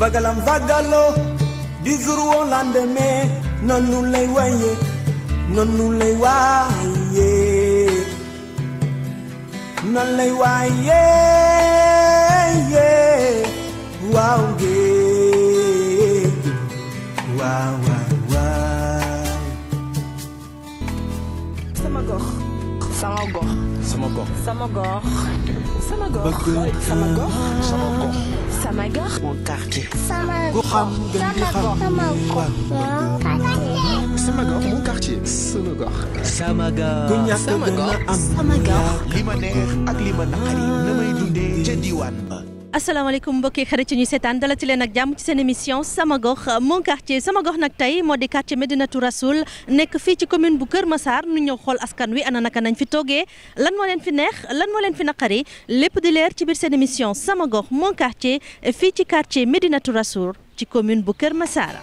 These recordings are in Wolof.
vagalam vagaloo du jour au lendemain noonu lay waaye noonu lay waaye noonu lay waaye waaw géej waaw waaw waaw. sama gox. sama gox. sama gox. sama gox. sama gox. sama sama gox. mon quartier. sama gox sama gox. sama gox mon quartier. sama gox. sama gox sama ak li naqari. damay dundee ca asalaamaaleykum mbokki xarit ñuy seetaan dalati leen ak jàmm ci seen émission sama gox mon quartier sama gox nag tey moo di quartier Médinatou Rassoul nekk fii ci commune bu Kër masaar nu ñëw xool askan wi ana naka nañ fi toogee lan moo leen fi neex lan moo leen fi naqari lépp di leer ci biir seen émission sama gox mon quartier fii ci quartier Médinatou Rassoul ci commune bu Kër Massar.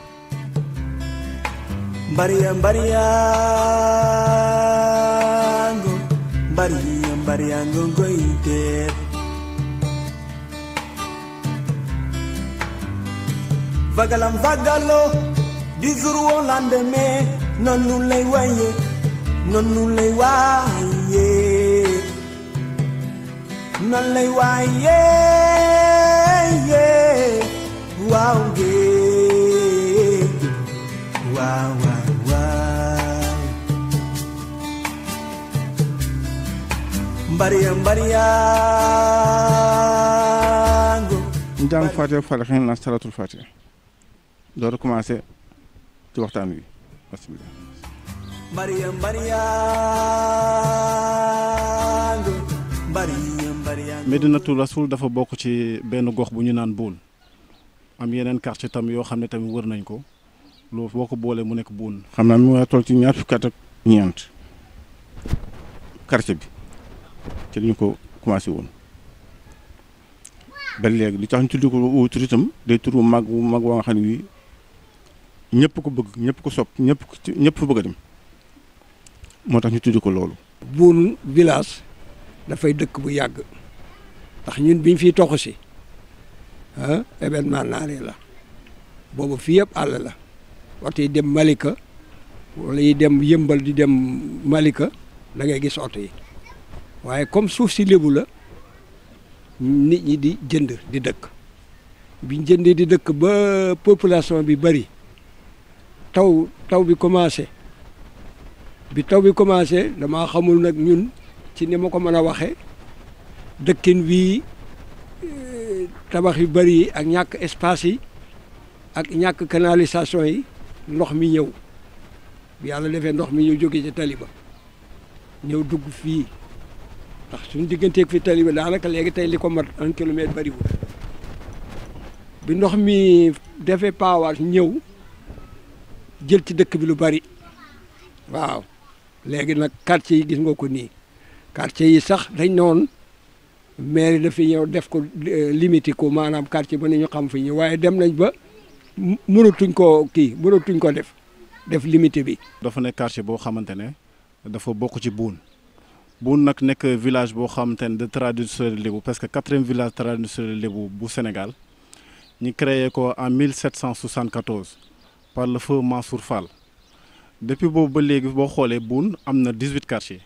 Mbariya vagalam vagaloo du jour au lendemain noonu lay waaye noonu lay waaye noonu lay waaye waaw ngeen waaw waaw waaw mbariya mbariya njàng faatiha falaxin na salatul faatiha door a commencé ci waxtaan wi bismillah na Mariam Medinatu Rasul dafa bokk ci benn gox bu ñu naan Boune am yeneen quartier tam yoo xam ne tamit wër nañ ko loolu boo ko boolee mu nekk Boune xam naa mi ngi toll ci ñaar fukki ak ñeent quartier bi ci lañu ko commencé woon ba léegi li tax ñu tudd ko wu tur itam day turu mag mag waa nga ñëpp ko bëgg ñëpp ko sopp ñëpp ñëpp bëgg dem moo tax ñu tudd ko loolu. buunu village dafay dëkk bu yàgg ndax ñun biñ fi toxu si ah événement naare la boobu fii yëpp àll la oto yi dem Malika wala yi dem yëmbal di dem Malika da ngay gis oto yi waaye comme suuf si lébu la nit ñi di jënd di dëkk bi jëndee di dëkk ba population bi bari. taw taw bi commencé bi taw bi commencé damaa xamul nag ñun ci ni ma ko mën a waxee dëkkin bii eh, tabax yu bëri ak ñàkk espace yi ak ñàkk canalisation yi ndox mi ñëw bi yàlla defee ndox mi ñëw jóge ci taliba ñëw dugg fii ndax suñu digganteeg fi taliba daanaka léegi tey li ko mat un kilomètre bëriwul bi ndox mi defe paawaas ñëw jël ci dëkk bi lu bari waaw léegi nag quartier yi gis nga ko nii quartier yi sax dañ noon mairie dafi ñëw def ko euh, limité ko maanaam quartier ba ne ñu xam fi ñu waaye dem nañ ba mënatuñ koo kii mënatuñ ko def def limité bi. dafa nekk quartier boo xamante ne dafa bokk ci buun buun nag nekk village boo xamante ne de traditionnel lébu parce que quatrième village traditionnel lébu bu Sénégal ñu créer ko en 1774. par le feu Mansour Fall depuis boobu ba léegi boo xoolee Boune am na 18 quartiers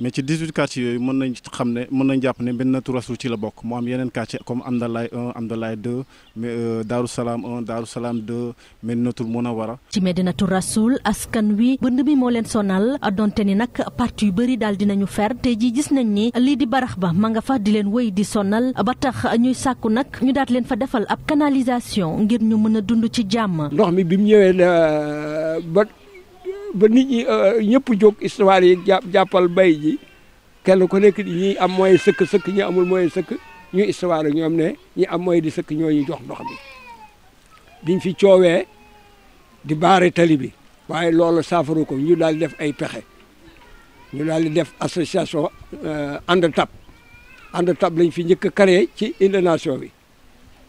mais ci 18 quartiers yooyu mën nañ xam ne mën nañ jàpp ne Médinatoul Rasoul ci la bokk mu am yeneen quartier comme Amdalaay 1 Amdalaay 2 mais euh, Daaru Salaam 1 Daaru Salaam 2 Médinatoul Munawara ci Médinatoul Rasoul askan wi bënd mi moo leen sonal donte ni nag parti yu bëri daal dinañu fer te jii gis nañ ni lii di barax ba ma nga fa di leen wéy di sonal ba tax ñuy sàkku nag ñu daat leen fa defal ab canalisation ngir ñu mën a dund ci jàmm ndox mi bi mu ñëwee euh, ba ba nit ñi euh, ñëpp jóg histoire yi jàppal bay ji kenn ku nekk ñi am mooy sëkk sëkk ñi amul mooy sëkk ñu histoire ñoom ne ñi am mooy di sëkk ñooñu jox ndox bi biñ fi coowee di baare tali bi waaye loolu saafaru ko ñu daal di def ay pexe ñu daal di def association euh, ànd tab ànd tab lañ fi njëkk a créé ci inondation bi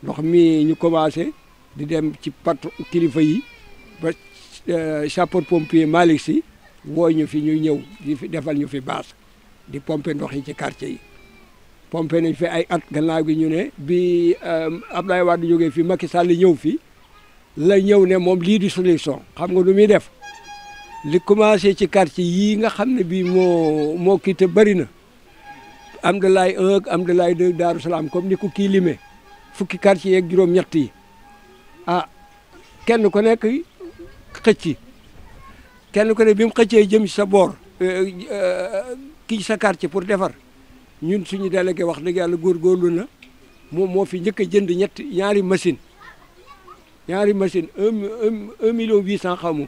ndox mi ñu commencé di dem ci pat kilifa yi Euh, sapeur pompier Malick si woo ñu fi ñu ñëw fi defal ñu fi baas di pompe ndox yi ci quartier yi pomper nañ fi ay at gannaaw gi ñu ne bi euh, Abdoulaye Wade jógee fi Macky Sall ñëw fi la ñëw ne moom lii di solution xam nga nu muy def li commencé ci quartier yii nga xam ne bii moo moo kii te bëri na Amdalaay 1 Amdalaay 2 Daaru Salaam comme ni ko kii limee fukki quartier yeeg juróom-ñett yi ah kenn ku nekk. xëcc kenn ku ne bi mu xëccee jëm sa boor eh, eh, kii sa quartier pour defar ñun suñu délégué wax dëgg yàlla góorgóorlu na moom moo fi njëkk jënd ñett ñaari machine ñaari machine un un million huit cent xaw ma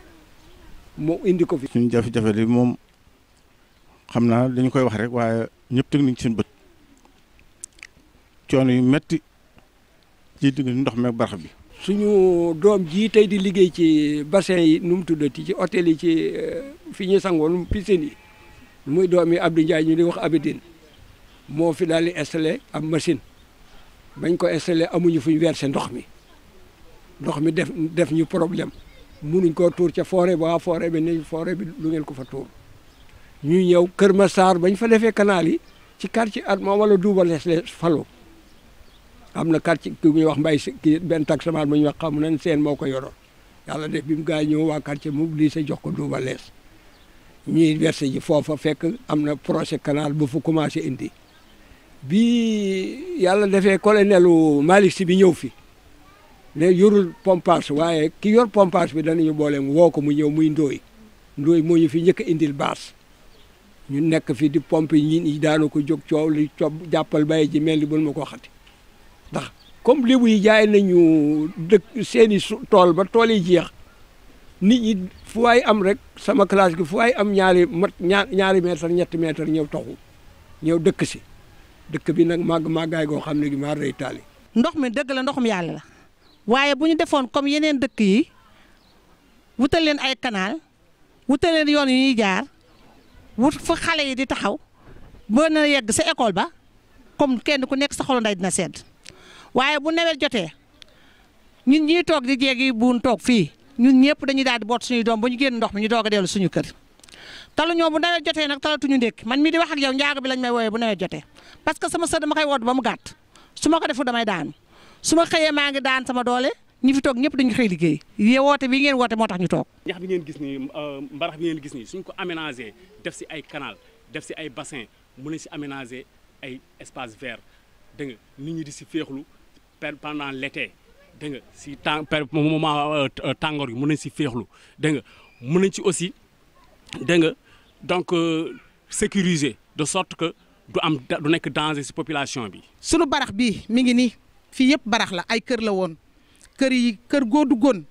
moo indi ko fi. suñu jafe-jafe li moom xam naa dañu koy wax rek waaye ñëpp teg nañ ci seen bët coon yu metti ci digg ndox meeg barax bi. suñu doom jii tey di liggéey ci bassin yi nu mu tuddati ci hôtel yi ci euh, fi ñuy sangoon piscine yi muy doom yi Abdou Ndiaye ñu ni wax abidin moo fi daal di installé am machine bañ ko installé amuñu fu ñu versé ndox mi ndox mi def def ñu problème munuñ koo tuur ca forêt ba waa forêt bi ne forêt bi lu ngeen ko fa tuur ñuy ñëw Kër Massar bañ fa defee canal yi ci quartier Atma wala Doubalès les falo am na quartier ki ñuy wax mbay ki benn taximan bu ñuy wax xamu nañ seen moo ko yoroon yàlla def bi mu gaa ñëw waa quartier mobilisé jox ko Double Less ñuy versé foofa fekk am na projet kanaal bu fu commencé indi bi yàlla defee colonelu Malick Sy bi ñëw fi ne yorul pompage waaye ki yor pompage bi danañu boole mu woo ko mu ñëw muy ndooy ndooy moo ñu fi njëkk indil baas ñu nekk fi di pompe ñi daanu ko jóg coow li cob jàppal bay ji mel ni bul ma ko xati ndax comme lébu yi jaay nañu dëkk seeni tool ba tool yi jeex nit ñi fu waay am rek sama classe gi fu waay am ñaari mat ñaari mètre ñetti mètre ñëw taxu ñëw dëkk si dëkk bi nag màgg màggaay goo xam ne gi maar day taali ndox mi dëgg la ndoxum yàlla la waaye bu ñu defoon comme yeneen dëkk yi wutal leen ay canal wutal leen yoon yi ñuy jaar wut fa xale yi di taxaw boo na yegg si école ba comme kenn ku nekk sa xolu nday dina sedd waaye bu nawet jotee ñun ñii toog di jéegi buun toog fii ñun ñëpp dañuy daal di boot suñuy doom ba ñu génn ndox mi ñu doog a suñu kër talu ñoo bu nawet jotee nag talatuñu ndékki man mii di wax ak yow njaago bi lañ may wooyee bu nawet jotee parce que sama sër dama koy woot ba mu gàtt su ma ko defu damay daanu su ma xëyee maa ngi daan sama doole ñi fi toog ñëpp dañu xëy liggéey yee woote bi ngeen woote moo tax ñu toog ñax bi ngeen gis ni euh, mbarax bi ngeen gis ni suñ ko aménagé def si ay canal def si ay bassin mu nañ si aménagé ay espace vert dégg nga nit di si féexlu pendant l'été dégg nga si temps moment euh, tàngoor gi mën nañ si féexlu dégg nga mën ci aussi dégg nga donc euh, sécuriser de sorte que du am du nekk danger si population bi. sunu barax bi mi ngi nii fii yëpp barax la ay kër la woon kër yi kër goo duggoon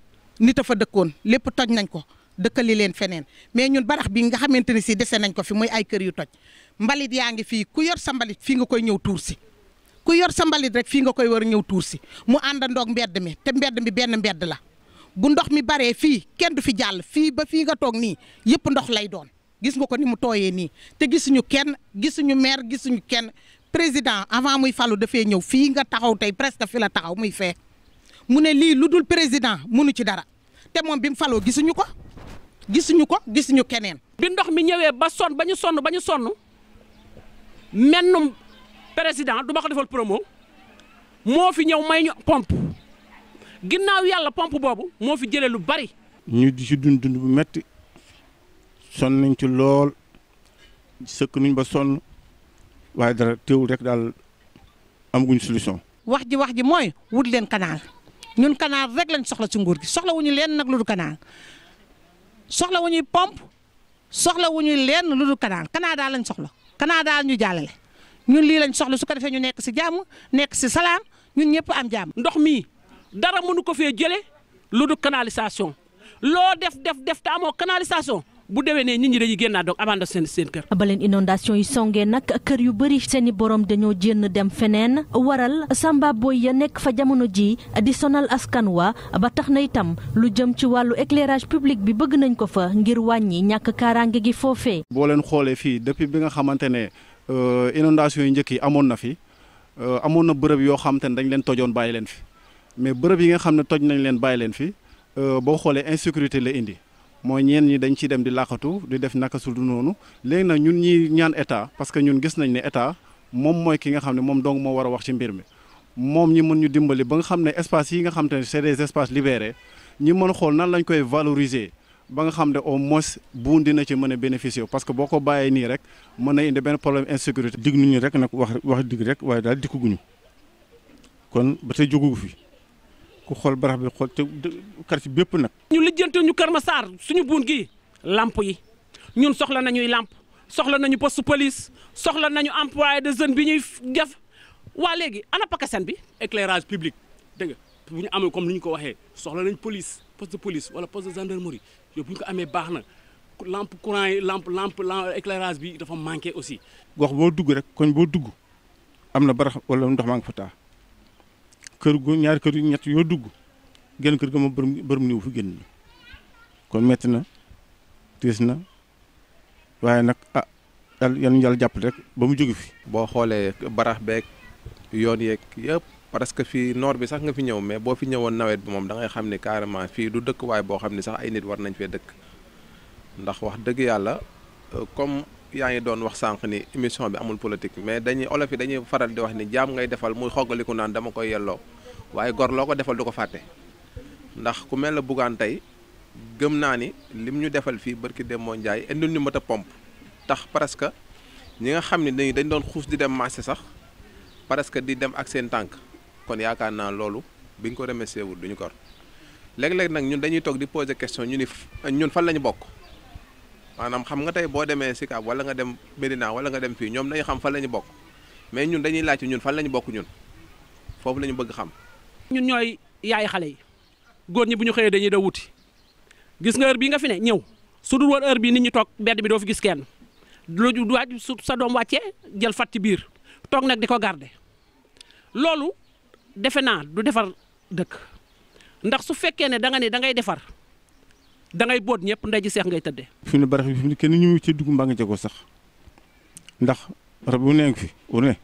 nit a fa dëkkoon lépp toj nañ ko dëkkali leen feneen mais ñun barax bi nga xamante ni si dese nañ ko fi muy ay kër yu toj mbalit yaa ngi fii ku yor sa mbalit fii nga koy ñëw tuur si. ku yor sa mbalit rek fii nga koy war a ñëw tuur si mu àndandoog mbedd mi te mbedd mi benn mbedd la bu ndox mi baree fii kenn du fi jàll fii ba fii nga toog nii yëpp ndox lay doon gis nga ko ni mu tooyee nii te gisuñu kenn gisuñu maire gisuñu kenn président avant muy falu dafee ñëw fii nga taxaw tey presque fi la taxaw muy fee mu ne lii lu dul président munu ci dara te moom bi mu faloo gisuñu ko gis gisuñu ko gisuñu keneen. bi ndox mi ñëwee ba sonn ba ñu sonn ba ñu sonn mennum président du ma ko defal promo moo fi ñëw may ñu pompe ginnaaw yàlla pompe boobu moo fi jëlee lu bari. ñu di ci dund dund bu metti son nañ ci lool sëkk nuñ ba sonn waaye dara teewul rek daal guñ solution. wax ji wax ji mooy wut leen canal ñun canal rek lañ soxla ci nguur gi soxla wu leen nag lu du canal soxla wu ñuy pompe soxla wu ñuy leen lu daal lañ soxla canal daal ñu jàllale. ñun lii lañ soxla su ko defee ñu nekk si jàmm nekk si salaam ñun ñëpp am jàmm. ndox mii dara mënu ko fee jële lu du canalisation loo def def def te amoo canalisation. bu déwénee nit ñi dañuy génnaat donc abandon seen seen kër. ba leen inondation yi songee nag kër yu bëri seeni borom dañoo jénn dem feneen waral Samba Boy ya nekk fa jamono ji di sonal askan wa ba tax na itam lu jëm ci wàllu éclairage public bi bëgg nañ ko fa ngir wàññi ñàkk kaaraange gi foofee. boo leen xoolee fii depuis bi nga xamante ne Euh, inondation yu njëkk yi amoon na fi euh, amoon na bërëb yoo xam te ne dañ leen tojoon bàyyi leen fi mais bërëb yi nga xam ne toj nañ leen bàyyi leen fi euh, boo xoolee insécurité la indi mooy ñeen ñi dañ ciy dem di làqatu di def naka su du noonu léegi nag ñun ñi ñaan état parce que ñun gis nañ ne état moom mooy ki nga xam ne moom dong moo war a wax ci mbir mi moom ñi mën ñu dimbali ba nga xam ne espace yi nga xam te ne c'est des espaces libérés ñi mën xool nan lañ koy valoriser ba nga xam ne au moins buun dina ci mën a bénéficier parce que boo ko bàyyee nii rek mën na indi benn problème insécurité. digg nañu rek nag wax wax digg rek waaye daal dikkuguñu kon ba tey jógugu fi ku xool barax bi xool te quartier bépp nag. ñu lijjanti ñu Kër Massar suñu buun gi làmp yi ñun soxla nañuy làmp soxla nañu poste police soxla nañu emploie de jeune bi ñuy def waa léegi ana pakaseen bi éclairage public bu ñu amee comme ni ñu ko waxee soxla nañ police poste de police wala poste de gendarmerie yooyu bu ñu ko amee baax na lampe courant yi lampe lampe éclairage bi dafa manqué aussi. wax boo dugg rek koñ boo dugg am na barax wala ndox maa ngi fa taa kër gu ñaar kër yu ñett yoo dugg genn kër ga ma bërëm bërëm niwu fi génn kon metti na tiis na waaye nag ah yàlla yàlla jàppale rek ba mu jóge fi. boo xoolee barax beek yoon yeeg yëpp. parce que fii noor bi sax nga fi ñëw mais boo fi ñëwoon nawet bi moom da ngay xam ni carrément fii du dëkkuwaay boo xam ni sax ay nit war nañ fee dëkk ndax wax dëgg yàlla euh, comme yaa ngi doon wax sànq ni émission bi amul politique mais dañuy olof yi dañuy faral di wax ni jaam ngay defal muy xogaliku naan dama koy yelloo waaye gor loo ko defal du ko fàtte ndax ku mel ne Bougane tey gëm naa ni lim ñu defal fii barki Demba Ndiaye indil ñu mot a pompe tax presque ñi nga xam ne dañ dañ doon xuus di dem marché sax presque di dem ak seen tànk. kon yaakaar naa loolu bi ñu ko remercié wul du ñu ko léeg-léeg nag ñun dañuy toog di poser question ñu ni ñun fan la ñu bokk maanaam xam nga tey boo demee Sicap wala nga dem Médina wala nga dem fii ñoom dañu xam fan la ñu bokk mais ñun dañuy laajte ñun fan la ñu bokk ñun foofu la ñu bëgg xam. ñun ñooy yaay xale yi góor ñi bu ñu xëyee dañuy da wuti gis nga heure nga fi ne ñëw su dul woon heure bii nit ñu toog bedd bi doo fi gis kenn du waaj su sa doom wàccee jël fat ci biir toog nag di ko garder loolu. defe naa du defar dëkk ndax su fekkee ne danga ne da ngay defar dangay boot ñëpp ndey seex ngay tëddee. fi mu ne barax bi fi mu ne kenn ñu ci dugub nga jagoo sax ndax rab bu nekk fi wu ne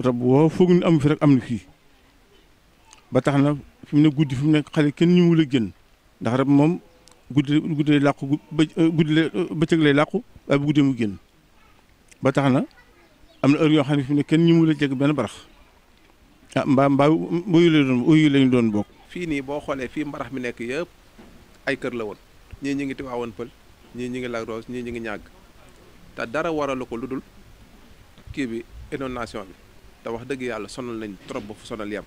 rab woo foog ni amu fi rek am na fii ba tax na fi mu ne guddi fi mu ne xale kenn ñu wul ndax moom guddi guddi lay làqu guddi lay bëccëg lay làqu bu guddi mu génn ba tax na na heure yoo xam ne fi mu kenn ñu wul a jégg benn barax. ah mbaa mbaa uyu la doon uyu lañu doon bokk. fii nii boo xoolee fii mbarax mi nekk yëpp ay kër la woon ñii ñu ngi Tiwaawoon Pël ñii ñu ngi Lac Rose ñii ñu ngi ñàgg te dara waralu ko lu dul kii bi inondation bi te wax dëgg yàlla sonal nañ trop ba fu sonal yem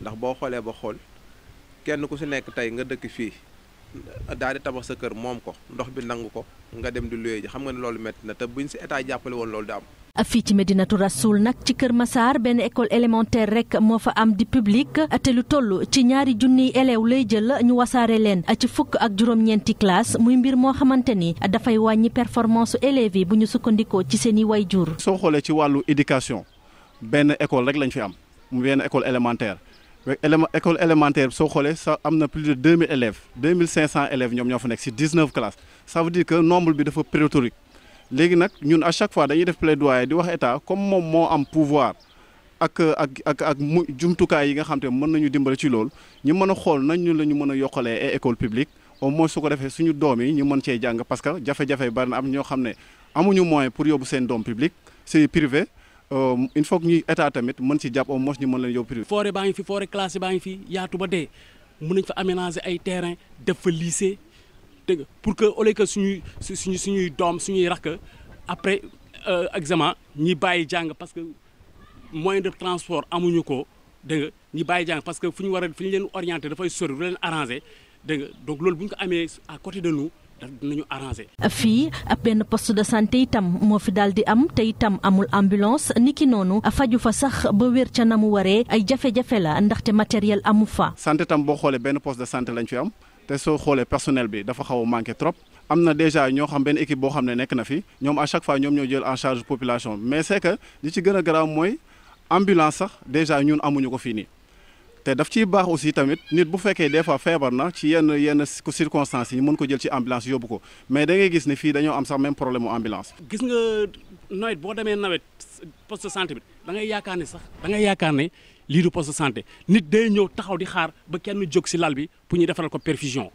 ndax boo xoolee ba xool kenn ku si nekk tey nga dëkk fii daal di tabax sa kër moom ko ndox bi nangu ko nga dem di luye ji xam nga ne loolu métti na te buñ si état jàppale woon loolu di am. fii ci Medinatu Rasoul nag ci Kër masaar benn école élémentaire rek moo fa am di public te lu toll ci ñaari junniy élèves lay jël ñu wasaare leen ci fukk ak juróom-ñeenti classe muy mbir moo xamante ni dafay wàññi performance élèves yi bu ñu sukkandikoo ci seen i jur soo xoolee ci wàllu éducation benn école rek lañ fi am mu benn école élémentaire école élémentaire soo xoolee sa am na plus de deux mille élèves deux mille cinq cent élèves ñoom ñoo fa nekk si dix classes ça bi dafa pléthorique. léegi nag ñun à chaque fois dañuy def plaidoyer di wax état comme moom moo am pouvoir ak ak ak ak mu jumtukaay yi nga xam te mën nañu dimbali ci lool ñu mën a xool nañ ñu la ñu mën a yokkalee ay école publique au moins su ko defee suñu doom yi ñu mën cee jàng parce que jafe-jafe bari na am ñoo xam ne amuñu moyen pour yóbbu seen doom public c'est privé euh, il faut que ñuy état tamit mën ci jàpp au moins ñu mën leen yóbbu privé. forêt baa ngi fi forêt classée baa ngi fi yaatu ba dee mën nañ fa aménager ay terrain def fa lycée. dégg pour que au lieu que suñuy suñu suñuy doom suñuy rakk après euh, examen ñi bàyyi jàng parce que moyen de transport amuñu ko dégg nga ñi bàyyi jàng parce que fu ñu war a fu ñu leen orienté dafay sori du leen arrangé dégg nga donc loolu bu ñu ko amee à côté de nous ñu arrangé. fii benn poste de santé itam moo fi daal di am te itam amul ambulance ki noonu faju fa sax ba wér ca na mu waree ay jafe-jafe la ndaxte matériel amu fa. santé tam boo xoolee benn poste de santé lañ fi am. te soo xoolee personnel bi dafa xaw a manqué trop am na déjà ñoo xam benn équipe boo xam ne nekk na fi ñoom à chaque fois ñoom ñoo jël en charge population mais c'est que ci gën a garaaw mooy ambulance sax déjà ñun amuñu ko fii nii te daf ci baax aussi tamit nit bu fekkee des fois feebar na ci yenn yenn circonstances yi mën ko jël ci ambulance yóbbu ko mais dangay gis ne fii dañoo am sax même problème mu ambulance. gis nga nawet boo demee nawet poste de santé bi da ngay yaakaar ne sax da ngay yaakaar ne. lii du poste de santé nit day ñëw taxaw di xaar ba kenn jóg si lal bi pour ñu defaral ko perfusion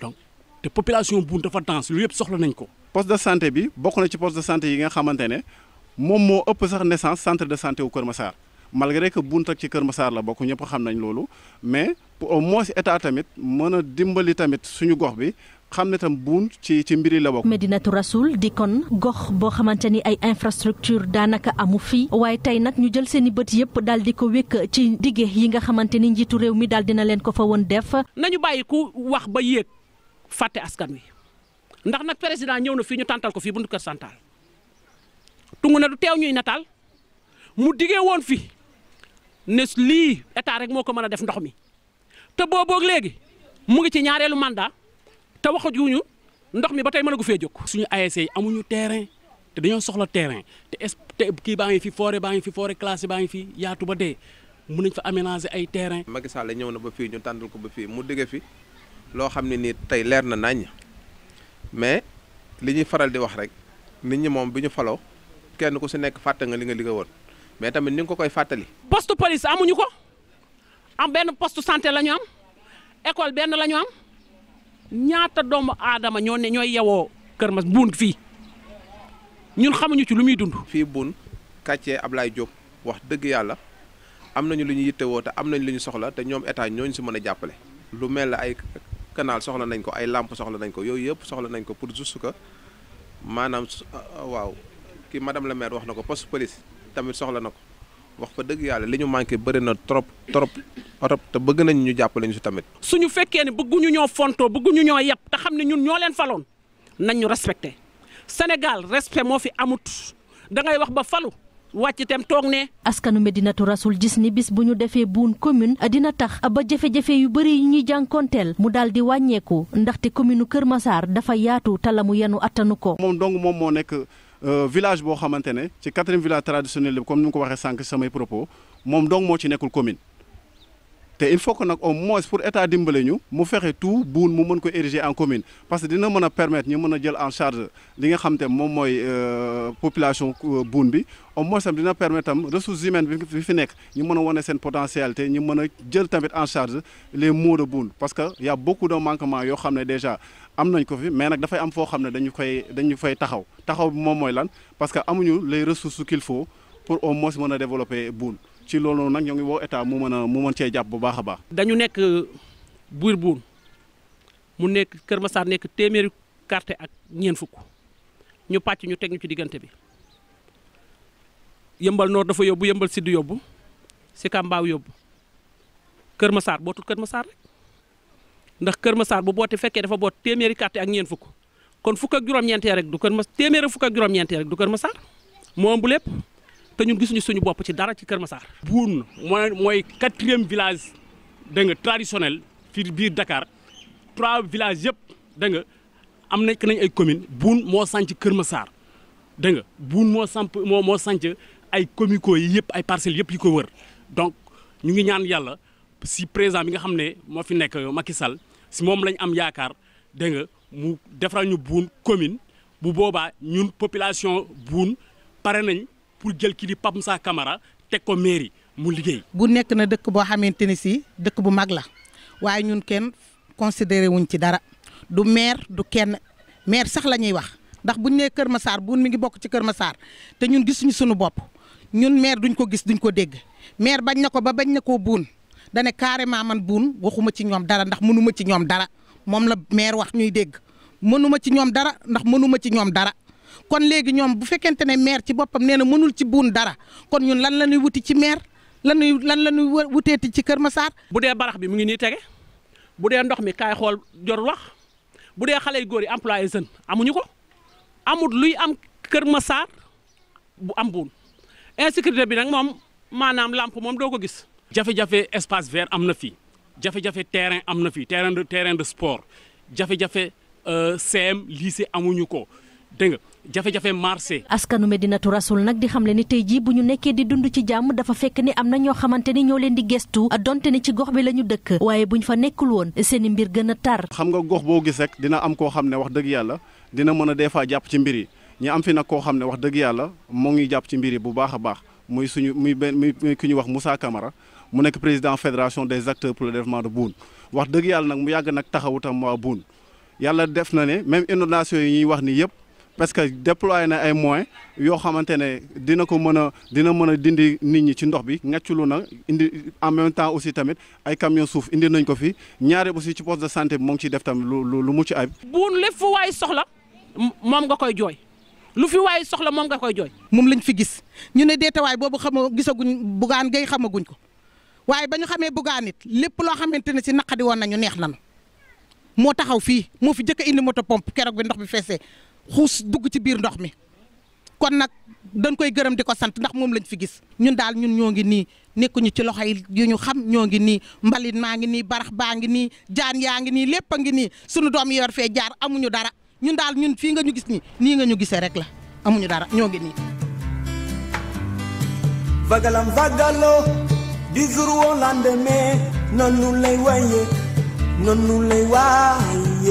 donc te population bu dafa dense lu yëpp soxla nañ ko. poste de santé bi bokk na ci poste de santé yi nga xamante ne moom moo ëpp sax naissance centre de santé wu Kër Massar malgré que bunt ak ci Kër Massar la bokk ñëpp xam nañ loolu mais au moins état tamit mën a dimbali tamit suñu gox bi xam ne tam buun ci ci mbiri la bokk. Medinatu Rasul di kon gox boo xamante ni ay infrastructure daanaka amu fi waaye tey nag ñu jël seen i bët yëpp daal di ko wékk ci digge yi nga xamante ni njiitu réew mi daal dina leen ko fa woon def. nañu bàyyi ku wax ba yéeg fàtte askan wi ndax nag président ñëw na fii ñu tàntal ko fii buntu kër santal tungu na du teew ñuy nataal mu diggee woon fi ne lii état rek moo ko mën a def ndox mi te booboog léegi mu ngi ci ñaareelu mandat. te waxajuñu ndox mi ba tey mën a gu fee jóg. suñu ASC yi amuñu terrain te dañoo soxla terrain te es te kii baa ngi fi foore baa ngi fi forêt classée baa ngi fi yaatu ba dee mun nañ fa aménager ay terrain. Macky Sall ñëw na ba fii ñu tàndal ko ba fii mu dëgg fi loo xam ne nii tey leer na naññ mais li ñuy faral di wax rek nit ñi moom bi ñu faloo kenn ku si nekk fàttal nga li nga liggéey woon mais tamit ni nga ko koy fàttali. poste police amuñu ko am benn poste santé la ñu am école benn la ñu am. ñaata doomu aadama ñoo ne ñooy yewoo Kër Mas Mbuun fii ñun xamuñu ci lu muy dund. fii buun Mbuun ab Ablaye Diop wax dëgg yàlla am nañu lu ñu yittewoo te am nañu lu ñu soxla te ñoom état ñooñu si mën a jàppale. lu mel ne ay kanaal soxla nañ ko ay làmp soxla nañ ko yooyu yëpp soxla nañ ko pour juste que maanaam euh, waaw kii madame la maire wax na ko poste police tamit soxla na ko. wax fa dëgg yàlla li ñu manqué bëri na trop trop trop te bëgg nañ ñu jàpp ñu si tamit. su ñu fekkee ne bëgguñu ñoo fontoo bëgguñu ñoo yab te xam ne ñun ñoo leen faloon nañ ñu respecté Sénégal respect moo fi amut da ngay wax ba falu. wàcc itam toog ne. askanu Medinatu Rasul gis ni bis bu ñu defee buun commune dina tax ba jafe-jafe yu bëri yi ñuy jànkonteel mu daal di wàññeeku ndaxte commune Kër Massar dafa yaatu tala mu yenu attanu ko. moom dong moom moo Euh, village boo xamante ne ci quatrième village traditionnel comme ni mu ko waxee sànq samay propos moom dong moo ci nekkul commune te il faut que nag au moins pour état dimbale ñu mu fexe tout buun mu mën ko ériger en commune parce que dina mën a permettre ñu mën a jël en charge li nga xam te moom mooy euh, population euh, buun bi au moins tam dina permettre tam ressources humaines bi fi nekk ñu mën a wane seen potentialité ñu mën a jël tamit en charge les maux de buun parce que y a beaucoup de manquements yoo xam ne déjà am nañ ko fi mais nag dafay am foo xam ne dañu koy dañu fay taxaw taxaw bi moom mooy lan parce que amuñu les ressources qu'il faut pour au moins mën a développer buun ci loolu nag ñoo ngi woo état mu mën a mu mën cee jàpp bu baax a baax. dañu nekk buur euh, buur mu nekk Kër Massar nekk téeméeri quartier ak ñeent fukk ñu pàcc ñu teg diggante bi yëmbal noor dafa yóbbu yëmbal siddu yóbbu Sicap Mbao yóbbu Kër Massar bootul Kër Massar rek ndax Kër Massar bu bootee fekkee dafa boot téeméeri ak ñeent fukk kon fukk ak juróom-ñeentee rek du Kër Massar téeméeri fukk ak du Kër Massar moo ëmb lépp. te ñun gisuñu suñu bopp ci dara ci Kër Massar. Boun mooy mooy quatrième village da nga traditionnel fii biir dakaar trois villages yëpp da nga am nekk nañ ay commune Boun moo sànc Kër Massar da nga buun moo samp moo moo sànc ay comico yi yëpp ay parcelles yëpp yi ko wër donc ñu ngi ñaan yàlla si présent bi nga xam ne moo fi nekk Macky Sall si moom lañ am yaakaar dégg nga mu defaral ñu Boun commune bu boobaa ñun population buun pare nañ. pour jël kii di Pape Moussa Camara teg ko mairie mu liggéey. bu nekk na dëkk boo xamante ni si dëkk bu mag la waaye ñun kenn considéré wuñ ci dara du maire du kenn maire sax lañuy wax ndax buñ nee Kër Massar buun mi ngi bokk ci Kër Massar te ñun gisuñu suñu bopp ñun maire duñ ko gis duñ ko dégg maire bañ na ko ba bañ na koo buun dane ne carrément man buun waxuma ci ñoom dara ndax mënuma ci ñoom dara moom la maire wax ñuy dégg mënuma ci ñoom dara ndax mënuma ci ñoom dara. kon léegi ñoom bu fekkente ne maire ci boppam nee na mënul ci buun dara kon ñun lan la ñuy wuti ci maire lan lañuy lan la ñuy wuteeti ci Kër Massar. bu dee barax bi mu ngi nii tege bu dee ndox mi kaay xool jor wax bu dee xale yu góor yi employé jeune amuñu ko amut luy am Kër Massar bu am buun insécurité bi nag moom maanaam lamp moom doo ko gis. jafe-jafe espace vert am na fi jafe-jafe terrain am na fii terrain de terrain de sport jafe-jafe euh, CM lycée amuñu ko dégg jafe-jafe marché. askanu Medinatu Rasul nag di xamle ni tey jii bu ñu nekkee di dund ci jàmm dafa fekk ni am na ñoo xamante ni ñoo leen di gestu a donte ni ci gox bi la ñu dëkk waaye bu ñu fa nekkul woon seen mbir gën a tar. xam nga gox boo gis rek dina am koo xam ne wax dëgg yàlla dina mën a des fois jàpp ci mbir yi ñi am fi nag koo xam ne wax dëgg yàlla moo ngi jàpp ci mbir yi bu baax a baax muy suñu muy benn muy ki ñuy wax Moussa kamara mu nekk président fédération des acteurs pour le développement wax dëgg yàlla nag mu yàgg nag taxawu tam waa Boune yàlla def na ne même inondation yi ñuy wax ni yëpp parce que déployé na ay moyens yoo xamante ne dina ko mën a dina mën a dindi nit ñi ci ndox bi ñàcculu na indi en même temps aussi tamit ay camion suuf indi nañ ko fi ñaare aussi ci poste de santé bi moo ngi ciy def tamit lu lu lu mucc ayib. buun lépp fu waay soxla moom nga koy jooy. lu fi waaye soxla moom nga koy jooy. moom lañ fi gis ñu ne deetawaay boobu xamoo gisaguñ bugaan gay xamaguñ ko waaye ba ñu xamee bugaan it lépp loo xamante ne si naqadi woon nañu neex nañu moo taxaw fii moo fi jëkk indi moto pompe keroog bi ndox bi feesee xuus dugg ci biir ndox mi kon nag dañ koy gërëm di ko sant ndax moom lañ fi gis ñun daal ñun ñoo ngi nii nekkuñu ci loxo yi ñu xam ñoo ngi nii mbalit maa ngi nii barax baa ngi nii jaan yaa ngi nii lépp a ngi nii suñu doom yor fee jaar amuñu dara ñun daal ñun fii nga ñu gis nii nii nga ñu gisee rek la amuñu dara ñoo ngi nii vagalam vagalo di jour woon lendemain noonu lay waye noonu lay waye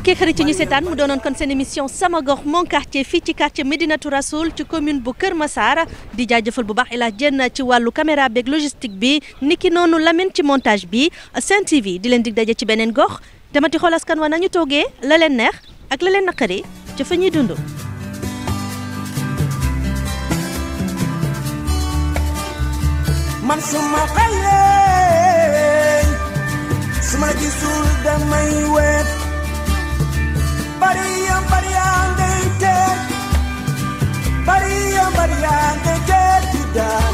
mbokki xarit ci ñu seetaan mu doonoon kon seen émission sama gox mon quartier fii ci quartier Médinatou Rassoul ci commune bu Kër Massar a jaajëfal bu baax Ila Diène ci wàllu caméra beeg logistique bi niki noonu Lamine ci montage bi Sen TV di leen dig daje ci beneen gox demati xool askan wa nañu toogee laleen neex ak la leen naqari ci fa ñuy dund. man Maria, Maria, they dead. Maria, Maria, they dead to die.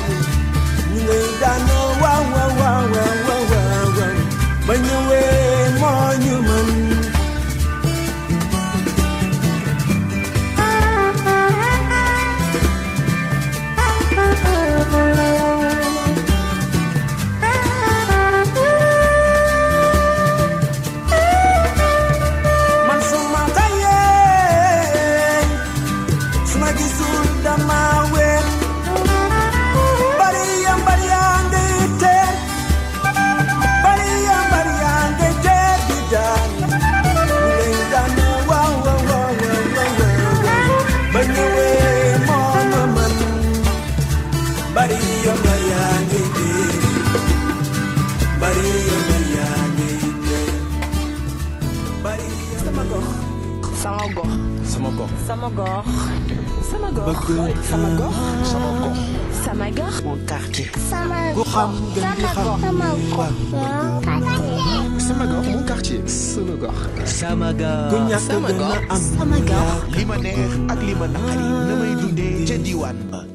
sama gox sama gox sama gox sama gox mon quartier sama gox sama gox sama gox mon quartier sama gox ma neex ak li ma naqari na may dundee ca diwaan